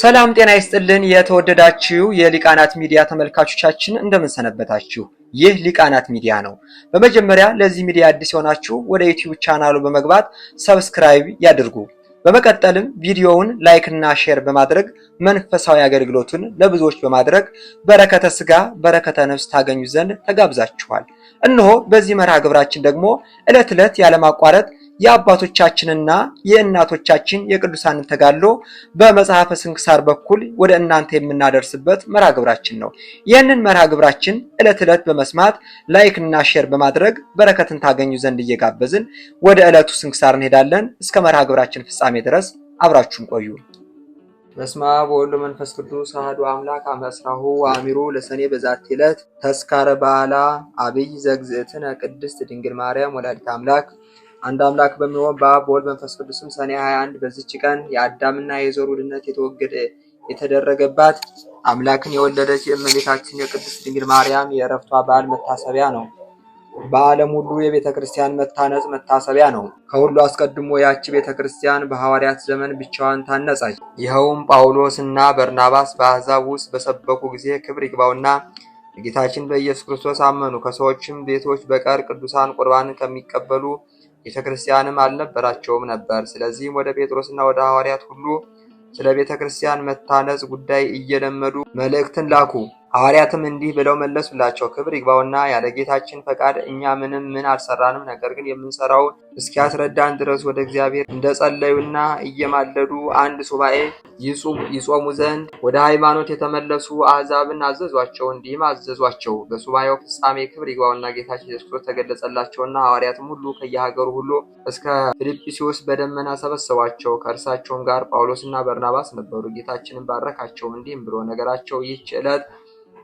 ሰላም ጤና ይስጥልን። የተወደዳችሁ የሊቃናት ሚዲያ ተመልካቾቻችን እንደምን ሰነበታችሁ? ይህ ሊቃናት ሚዲያ ነው። በመጀመሪያ ለዚህ ሚዲያ አዲስ የሆናችሁ ወደ ዩቲዩብ ቻናሉ በመግባት ሰብስክራይብ ያድርጉ። በመቀጠልም ቪዲዮውን እና ሼር በማድረግ መንፈሳዊ አገልግሎቱን ለብዙዎች በማድረግ በረከተ ስጋ በረከተ ነፍስ ታገኙ ዘንድ ተጋብዛችኋል። እነሆ በዚህ መርሃ ግብራችን ደግሞ ዕለት ዕለት ያለማቋረጥ የአባቶቻችንና የእናቶቻችን የቅዱሳን ተጋድሎ በመጽሐፈ ስንክሳር በኩል ወደ እናንተ የምናደርስበት መርሃ ግብራችን ነው። ይህንን መርሃ ግብራችን ዕለት ዕለት በመስማት ላይክና ሼር በማድረግ በረከትን ታገኙ ዘንድ እየጋበዝን ወደ ዕለቱ ስንክሳር እንሄዳለን። እስከ መርሃ ግብራችን ፍጻሜ ድረስ አብራችሁን ቆዩ። በስመ አብ ወወልድ ወመንፈስ ቅዱስ አሐዱ አምላክ አመስራሁ አሚሩ ለሰኔ በዛቲ ዕለት ተስካረ በዓላ አብይ ዘግዝእትነ ቅድስት ድንግል ማርያም ወላዲት አምላክ አንድ አምላክ በሚሆን በአብ በወልድ መንፈስ ቅዱስም ሰኔ 21 በዚች ቀን የአዳምና የዘሩ ድነት የተወገደ የተደረገባት አምላክን የወለደች የእመቤታችን የቅድስት ድንግል ማርያም የእረፍቷ በዓል መታሰቢያ ነው። በዓለም ሁሉ የቤተ ክርስቲያን መታነጽ መታሰቢያ ነው። ከሁሉ አስቀድሞ ያቺ ቤተ ክርስቲያን በሐዋርያት ዘመን ብቻዋን ታነጻች። ይኸውም ጳውሎስ እና በርናባስ በአሕዛብ ውስጥ በሰበኩ ጊዜ ክብር ይግባውና ጌታችን በኢየሱስ ክርስቶስ አመኑ። ከሰዎችም ቤቶች በቀር ቅዱሳን ቁርባንን ከሚቀበሉ ቤተ ክርስቲያንም አልነበራቸውም ነበር። ስለዚህም ወደ ጴጥሮስና ወደ ሐዋርያት ሁሉ ስለ ቤተ ክርስቲያን መታነጽ ጉዳይ እየለመዱ መልእክትን ላኩ። ሐዋርያትም እንዲህ ብለው መለሱላቸው፣ ክብር ይግባውና ያለ ጌታችን ፈቃድ እኛ ምንም ምን አልሰራንም። ነገር ግን የምንሰራውን እስኪያስረዳን ድረስ ወደ እግዚአብሔር እንደጸለዩና እየማለዱ አንድ ሱባኤ ይጾሙ ዘንድ ወደ ሃይማኖት የተመለሱ አሕዛብን አዘዟቸው። እንዲህም አዘዟቸው፣ በሱባኤው ፍጻሜ ክብር ይግባውና ጌታችን ኢየሱስ ክርስቶስ ተገለጸላቸውና ሐዋርያትም ሁሉ ከየሀገሩ ሁሉ እስከ ፊልጵስዩስ በደመና ሰበሰቧቸው። ከእርሳቸውም ጋር ጳውሎስና በርናባስ ነበሩ። ጌታችንን ባረካቸው፣ እንዲህም ብሎ ነገራቸው ይህች ዕለት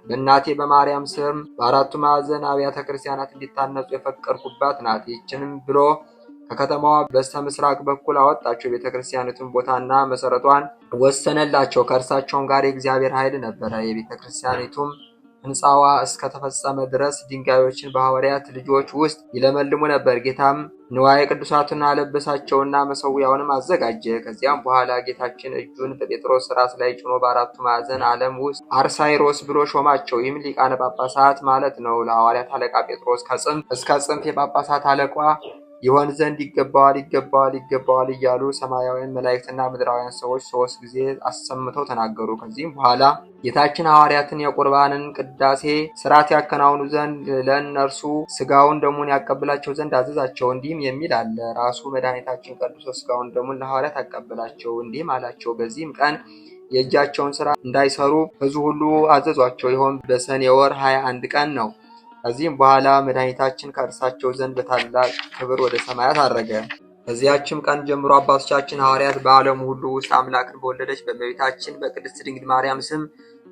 በእናቴ በማርያም ስም በአራቱ ማዕዘን አብያተ ክርስቲያናት እንዲታነጹ የፈቀድኩባት ናት። ይችንም ብሎ ከከተማዋ በስተ ምስራቅ በኩል አወጣቸው። ቤተ ክርስቲያኒቱን ቦታና መሰረቷን ወሰነላቸው። ከእርሳቸውም ጋር የእግዚአብሔር ኃይል ነበረ። የቤተ ክርስቲያኒቱም ሕንፃዋ እስከተፈጸመ ድረስ ድንጋዮችን በሐዋርያት ልጆች ውስጥ ይለመልሙ ነበር። ጌታም ንዋየ ቅዱሳቱን አለበሳቸውና መሰዊያውንም አዘጋጀ። ከዚያም በኋላ ጌታችን እጁን በጴጥሮስ ራስ ላይ ጭኖ በአራቱ ማዕዘን ዓለም ውስጥ አርሳይሮስ ብሎ ሾማቸው። ይህም ሊቃነ ጳጳሳት ማለት ነው። ለሐዋርያት አለቃ ጴጥሮስ ከጽንፍ እስከ ጽንፍ የጳጳሳት አለቋ ይሆን ዘንድ ይገባዋል ይገባዋል ይገባዋል እያሉ ሰማያውያን መላእክትና ምድራውያን ሰዎች ሶስት ጊዜ አሰምተው ተናገሩ። ከዚህም በኋላ ጌታችን ሐዋርያትን የቁርባንን ቅዳሴ ስርዓት ያከናውኑ ዘንድ ለእነርሱ ስጋውን ደሙን ያቀብላቸው ዘንድ አዘዛቸው። እንዲህም የሚል አለ። ራሱ መድኃኒታችን ቀድሶ ስጋውን ደሙን ለሐዋርያት አቀብላቸው እንዲህም አላቸው። በዚህም ቀን የእጃቸውን ስራ እንዳይሰሩ ሕዝቡ ሁሉ አዘዟቸው። ይሆን በሰኔ ወር ሀያ አንድ ቀን ነው። ከዚህም በኋላ መድኃኒታችን ከእርሳቸው ዘንድ በታላቅ ክብር ወደ ሰማያት አረገ። ከዚያችም ቀን ጀምሮ አባቶቻችን ሐዋርያት በዓለሙ ሁሉ ውስጥ አምላክን በወለደች በእመቤታችን በቅድስት ድንግል ማርያም ስም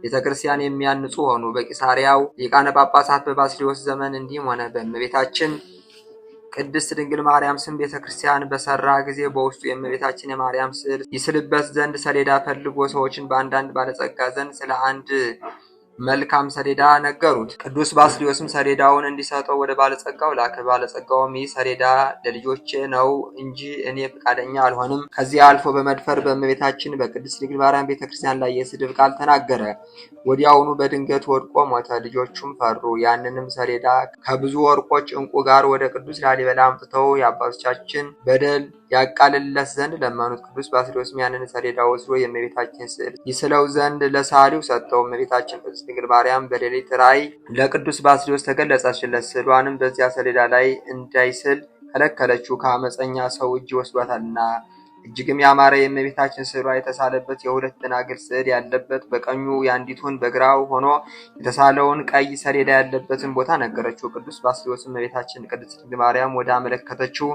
ቤተ ክርስቲያን የሚያንጹ ሆኑ። በቂሳሪያው ሊቃነ ጳጳሳት በባስልዮስ ዘመን እንዲህም ሆነ። በእመቤታችን ቅድስት ድንግል ማርያም ስም ቤተ ክርስቲያን በሰራ ጊዜ በውስጡ የእመቤታችን የማርያም ስዕል ይስልበት ዘንድ ሰሌዳ ፈልጎ ሰዎችን በአንዳንድ ባለጸጋ ዘንድ ስለ አንድ መልካም ሰሌዳ ነገሩት። ቅዱስ ባስሊዮስም ሰሌዳውን እንዲሰጠው ወደ ባለጸጋው ላከ። ባለጸጋውም ይህ ሰሌዳ ለልጆቼ ነው እንጂ እኔ ፈቃደኛ አልሆንም። ከዚያ አልፎ በመድፈር በእመቤታችን በቅድስት ድንግል ማርያም ቤተ ክርስቲያን ላይ የስድብ ቃል ተናገረ። ወዲያውኑ በድንገት ወድቆ ሞተ። ልጆቹም ፈሩ። ያንንም ሰሌዳ ከብዙ ወርቆች እንቁ ጋር ወደ ቅዱስ ላሊበላ አምጥተው የአባቶቻችን በደል ያቃልለት ዘንድ ለመኑት። ቅዱስ ባስሊዮስም ያንን ሰሌዳ ወስዶ የእመቤታችን ስዕል ይስለው ዘንድ ለሳሊው ሰጠው። እመቤታችን ቅድስት ድንግል ማርያም በሌሊት ራእይ ለቅዱስ ባስልዮስ ተገለጸችለት። ስዕሏንም በዚያ ሰሌዳ ላይ እንዳይስል ከለከለችው ከአመፀኛ ሰው እጅ ወስዷታልና። እጅግም ያማረ የእመቤታችን ስዕሏ የተሳለበት የሁለት ደናግል ስዕል ያለበት በቀኙ የአንዲቱን በግራው ሆኖ የተሳለውን ቀይ ሰሌዳ ያለበትን ቦታ ነገረችው። ቅዱስ ባስልዮስ እመቤታችን ቅድስት ድንግል ማርያም ወደ አመለከተችው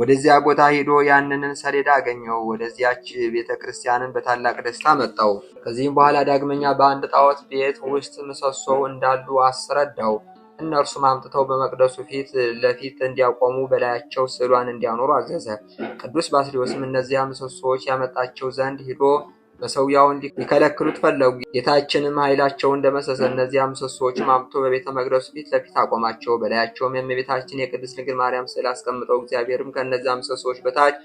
ወደዚያ ቦታ ሄዶ ያንንን ሰሌዳ አገኘው። ወደዚያች ቤተ ክርስቲያንን በታላቅ ደስታ መጣው። ከዚህም በኋላ ዳግመኛ በአንድ ጣዖት ቤት ውስጥ ምሰሶው እንዳሉ አስረዳው። እነርሱም አምጥተው በመቅደሱ ፊት ለፊት እንዲያቆሙ በላያቸው ስዕሏን እንዲያኖሩ አዘዘ። ቅዱስ ባስሌዎስም እነዚያ ምሰሶዎች ያመጣቸው ዘንድ ሂዶ በሰውያው እንዲከለክሉት ፈለጉ። ጌታችንም ኃይላቸውን ደመሰሰ። እነዚያ ምሰሶዎችም አምጥቶ በቤተ መቅደሱ ፊት ለፊት አቆማቸው። በላያቸውም የእመቤታችን የቅድስት ድንግል ማርያም ስዕል አስቀምጠው፣ እግዚአብሔርም ከእነዚያ ምሰሶዎች በታች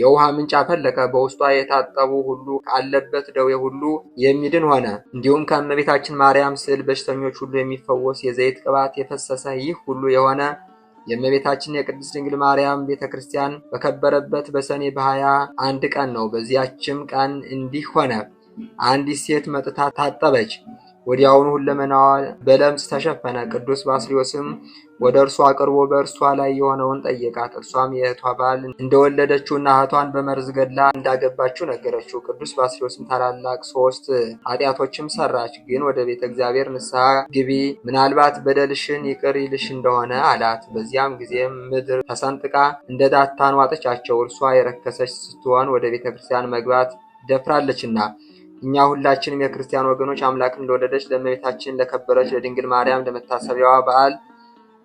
የውሃ ምንጭ አፈለቀ። በውስጧ የታጠቡ ሁሉ ካለበት ደዌ ሁሉ የሚድን ሆነ። እንዲሁም ከእመቤታችን ማርያም ስዕል በሽተኞች ሁሉ የሚፈወስ የዘይት ቅባት የፈሰሰ ይህ ሁሉ የሆነ የእመቤታችን የቅድስት ድንግል ማርያም ቤተ ክርስቲያን በከበረበት በሰኔ በሀያ አንድ ቀን ነው። በዚያችም ቀን እንዲህ ሆነ። አንዲት ሴት መጥታ ታጠበች። ወዲያውኑ ሁለመናዋ በለምጽ ተሸፈነ። ቅዱስ ባስልዮስም ወደ እርሷ አቅርቦ በእርሷ ላይ የሆነውን ጠየቃት። እርሷም የእህቷ ባል እንደወለደችውና እህቷን በመርዝ ገድላ እንዳገባችው ነገረችው። ቅዱስ ባስልዮስም ታላላቅ ሶስት ኃጢአቶችም ሰራች፣ ግን ወደ ቤተ እግዚአብሔር ንስሐ ግቢ፣ ምናልባት በደልሽን ይቅር ይልሽ እንደሆነ አላት። በዚያም ጊዜ ምድር ተሰንጥቃ እንደ ዳታን ዋጠቻቸው፣ እርሷ የረከሰች ስትሆን ወደ ቤተ ክርስቲያን መግባት ደፍራለችና። እኛ ሁላችንም የክርስቲያን ወገኖች አምላክን ለወለደች ለእመቤታችን ለከበረች ለድንግል ማርያም ለመታሰቢያዋ በዓል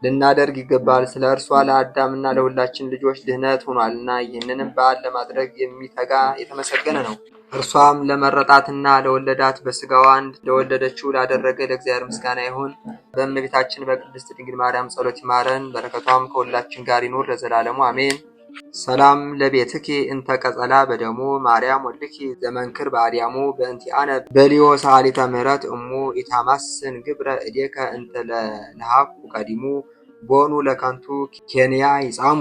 ልናደርግ ይገባል። ስለ እርሷ ለአዳምና ለሁላችን ልጆች ድህነት ሆኗልና ይህንንም በዓል ለማድረግ የሚተጋ የተመሰገነ ነው። እርሷም ለመረጣትና ለወለዳት በስጋዋ አንድ ለወለደችው ላደረገ ለእግዚአብሔር ምስጋና ይሁን። በእመቤታችን በቅድስት ድንግል ማርያም ጸሎት ይማረን፣ በረከቷም ከሁላችን ጋር ይኑር ለዘላለሙ አሜን። ሰላም ለቤትኪ እንተ ቀጸላ በደሙ ማርያም ወልኪ ዘመንክር በአርያሙ በእንቲአነ በሊዮ ሰዓሊተ ምህረት እሙ ኢታማስን ግብረ እዴከ እንተ ለነሃኩ ቀዲሙ ቦኑ ለከንቱ ኬንያ ይጻሙ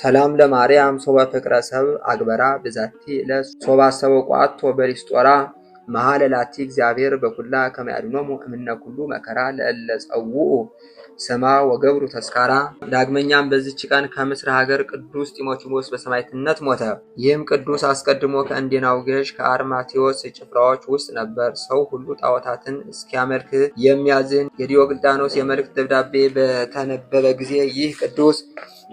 ሰላም ለማርያም ሶበ ፍቅረ ሰብ አግበራ ብዛቲ ለሶባ ሰበ ቋቶ በሪስጦራ መሃለላቲ እግዚአብሔር በኩላ ከመያድኖሙ እምነ ኩሉ መከራ ለእለ ጸውኡ ሰማ ወገብሩ ተስካራ። ዳግመኛም በዚች ቀን ከምስር ሀገር ቅዱስ ጢሞቴዎስ በሰማዕትነት ሞተ። ይህም ቅዱስ አስቀድሞ ከእንዴናው ገዥ ከአርማቴዎስ ጭፍራዎች ውስጥ ነበር። ሰው ሁሉ ጣዖታትን እስኪያመልክ የሚያዝን የዲዮቅልጥያኖስ የመልእክት ደብዳቤ በተነበበ ጊዜ ይህ ቅዱስ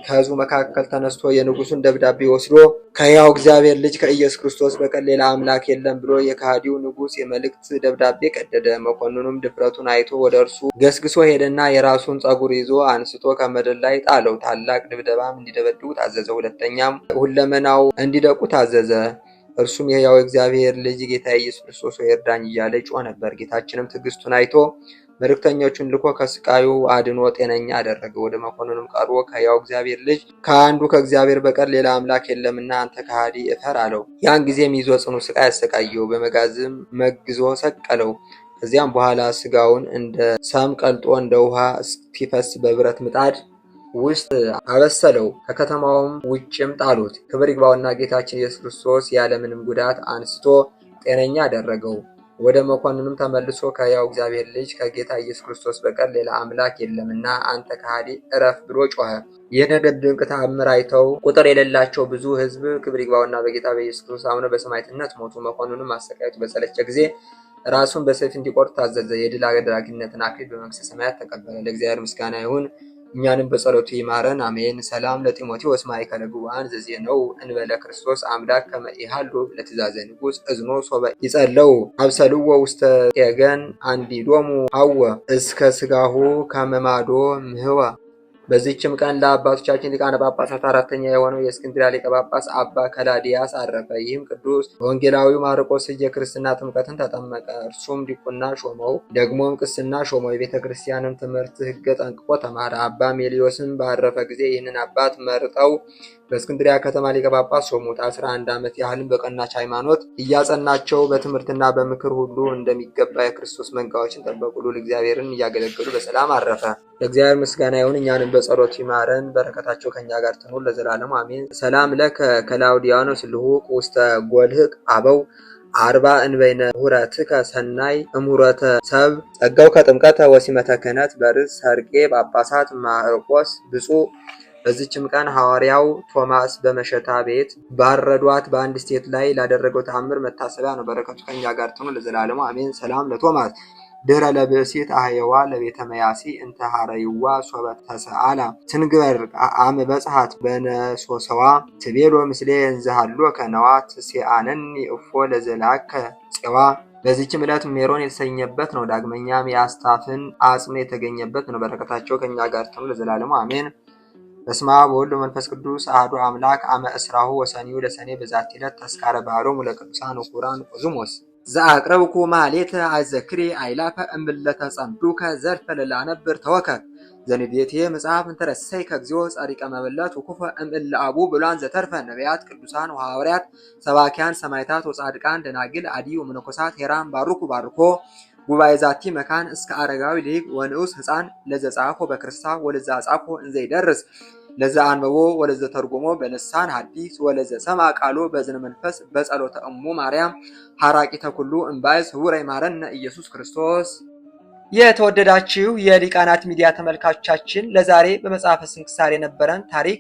ከህዝቡ መካከል ተነስቶ የንጉሱን ደብዳቤ ወስዶ ከያው እግዚአብሔር ልጅ ከኢየሱስ ክርስቶስ በቀር ሌላ አምላክ የለም ብሎ የካዲው ንጉስ የመልእክት ደብዳቤ ቀደደ። መኮንኑም ድፍረቱን አይቶ ወደ እርሱ ገስግሶ ሄደና የራሱን ጸጉር ይዞ አንስቶ ከምድር ላይ ጣለው። ታላቅ ድብደባም እንዲደበድቡ ታዘዘ። ሁለተኛም ሁለመናው እንዲደቁ ታዘዘ። እርሱም የሕያው እግዚአብሔር ልጅ ጌታ ኢየሱስ ክርስቶስ እርዳኝ እያለ ጮኸ ነበር። ጌታችንም ትዕግስቱን አይቶ መልእክተኞቹን ልኮ ከስቃዩ አድኖ ጤነኛ አደረገ። ወደ መኮንኑም ቀርቦ ከያው እግዚአብሔር ልጅ ከአንዱ ከእግዚአብሔር በቀር ሌላ አምላክ የለምና አንተ ከሃዲ እፈር አለው። ያን ጊዜም ይዞ ጽኑ ስቃይ አሰቃየው፣ በመጋዝም መግዞ ሰቀለው። ከዚያም በኋላ ስጋውን እንደ ሰም ቀልጦ እንደ ውሃ እስኪፈስ በብረት ምጣድ ውስጥ አበሰለው። ከከተማውም ውጭም ጣሉት። ክብር ይግባውና ጌታችን ኢየሱስ ክርስቶስ ያለምንም ጉዳት አንስቶ ጤነኛ አደረገው። ወደ መኮንኑም ተመልሶ ከሕያው እግዚአብሔር ልጅ ከጌታ ኢየሱስ ክርስቶስ በቀር ሌላ አምላክ የለምና አንተ ከሃዲ እረፍ ብሎ ጮኸ። ነገር ድንቅ ተአምር አይተው ቁጥር የሌላቸው ብዙ ሕዝብ ክብር ይግባውና በጌታ በኢየሱስ ክርስቶስ አምነው በሰማዕትነት ሞቱ። መኮንኑም አሰቃየቱ በሰለቸ ጊዜ ራሱን በሰይፍ እንዲቆርጥ ታዘዘ። የድል አድራጊነትን አክሊል በመንግሥተ ሰማያት ተቀበለ። ለእግዚአብሔር ምስጋና ይሁን። እኛንም በጸሎቱ ይማረን አሜን። ሰላም ለጢሞቴዎስ ማእከለ ዘዜ ዘዜነው እንበለ ክርስቶስ አምላክ ከመኢሃሉ ለትእዛዘ ንጉሥ እዝኖ ሶበ ይጸለው አብሰልዎ ውስተ ጤገን አንዲዶሙ አወ እስከ ስጋሁ ከመማዶ ምህዋ በዚህችም ቀን ለአባቶቻችን ሊቃነ ጳጳሳት አራተኛ የሆነው የእስክንድሪያ ሊቀ ጳጳስ አባ ከላዲያስ አረፈ። ይህም ቅዱስ በወንጌላዊው ማርቆስ እጅ የክርስትና ጥምቀትን ተጠመቀ። እርሱም ዲቁና ሾመው፣ ደግሞም ቅስና ሾመው። የቤተ ክርስቲያንም ትምህርት ሕገ ጠንቅቆ ተማረ። አባ ሜሊዮስም ባረፈ ጊዜ ይህንን አባት መርጠው በእስክንድሪያ ከተማ ሊቀ ጳጳስ ሾሙት። አስራ አንድ ዓመት ያህልም በቀናች ሃይማኖት እያጸናቸው በትምህርትና በምክር ሁሉ እንደሚገባ የክርስቶስ መንጋዎችን ጠበቁ። ልዑል እግዚአብሔርን እያገለገሉ በሰላም አረፈ። ለእግዚአብሔር ምስጋና ይሁን እኛንም በጸሎት ይማረን፣ በረከታቸው ከኛ ጋር ትኑር ለዘላለሙ አሜን። ሰላም ለከ ከላውዲያኖስ ልሁቅ ውስተ ጎልህቅ አበው አርባ እንበይነ ሁረትከ ከሰናይ እምሁረተ ሰብ ጸጋው ከጥምቀተ ወሲመተ ክህነት በርስ ሰርቄ ጳጳሳት ማርቆስ ብፁዕ በዚችም ቀን ሐዋርያው ቶማስ በመሸታ ቤት ባረዷት በአንድ ስቴት ላይ ላደረገው ተአምር መታሰቢያ ነው። በረከቱ ከኛ ጋር ትኑ ለዘላለሙ አሜን። ሰላም ለቶማስ ድህረ ለብእሲት አህየዋ ለቤተ መያሲ እንተ ሐረይዋ ሶበ ተሰአላ ትንግበር አም በጽሐት በነሶሰዋ ትቤሎ ምስሌ እንዝሃሎ ከነዋ ትሴአነኒ እፎ ለዘላከ ፄዋ በዚችም ዕለት ሜሮን የተሰኘበት ነው። ዳግመኛም የአስታፍን አጽም የተገኘበት ነው። በረከታቸው ከእኛ ጋር ትኑ ለዘላለሙ አሜን። በስመ አብ ወወልድ ወመንፈስ ቅዱስ አሐዱ አምላክ አመ እስራሁ ወሰኒዩ ለሰኔ በዛቲ ዕለት ተስካረ ባህሎሙ ለቅዱሳን ኩራን ቁዝሞስ ዘአቅረብኩ ማሌተ አዘክሪ አይላፈ እምለተ ጸምዱከ ዘርፈ ለላነብር ተወከ ዘንዴቴ መጽሐፍ እንተረሰይ ከእግዚኦ ጸሪቀ መበለት ወኩፈ እምእለ አቡ ብሏን ዘተርፈ ነቢያት ቅዱሳን ወሐዋርያት ሰባኪያን ሰማይታት ወጻድቃን ደናግል አዲ መነኮሳት ሄራን ባርኩ ባርኮ ጉባኤ ዛቲ መካን እስከ አረጋዊ ሊግ ወንዑስ ህፃን ለዘጻፎ በክርስታ ወለዛ ጻፎ እንዘይደርስ ወለዘ ተርጉሞ በልሳን ሐዲስ ወለዘ ሰማ ቃሎ በዝነ መንፈስ በጸሎተ እሙ ማርያም ሐራቂ ተኩሉ እምባዕሰ ውራይ ማረነ ኢየሱስ ክርስቶስ የተወደዳችሁ የሊቃናት ሚዲያ ተመልካቾቻችን ለዛሬ በመጽሐፈ ስንክሳር የነበረን ታሪክ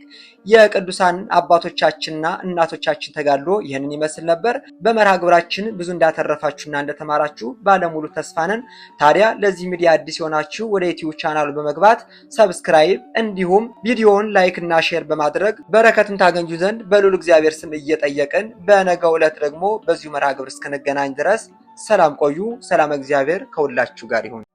የቅዱሳን አባቶቻችንና እናቶቻችን ተጋድሎ ይህንን ይመስል ነበር። በመርሃ ግብራችን ብዙ እንዳተረፋችሁና እንደተማራችሁ ባለሙሉ ተስፋንን ታዲያ ለዚህ ሚዲያ አዲስ የሆናችሁ ወደ ዩቲዩብ ቻናሉ በመግባት ሰብስክራይብ፣ እንዲሁም ቪዲዮውን ላይክ እና ሼር በማድረግ በረከቱን ታገኙ ዘንድ በልዑል እግዚአብሔር ስም እየጠየቅን በነገው ዕለት ደግሞ በዚሁ መርሃ ግብር እስክንገናኝ ድረስ ሰላም ቆዩ። ሰላም እግዚአብሔር ከሁላችሁ ጋር ይሁን።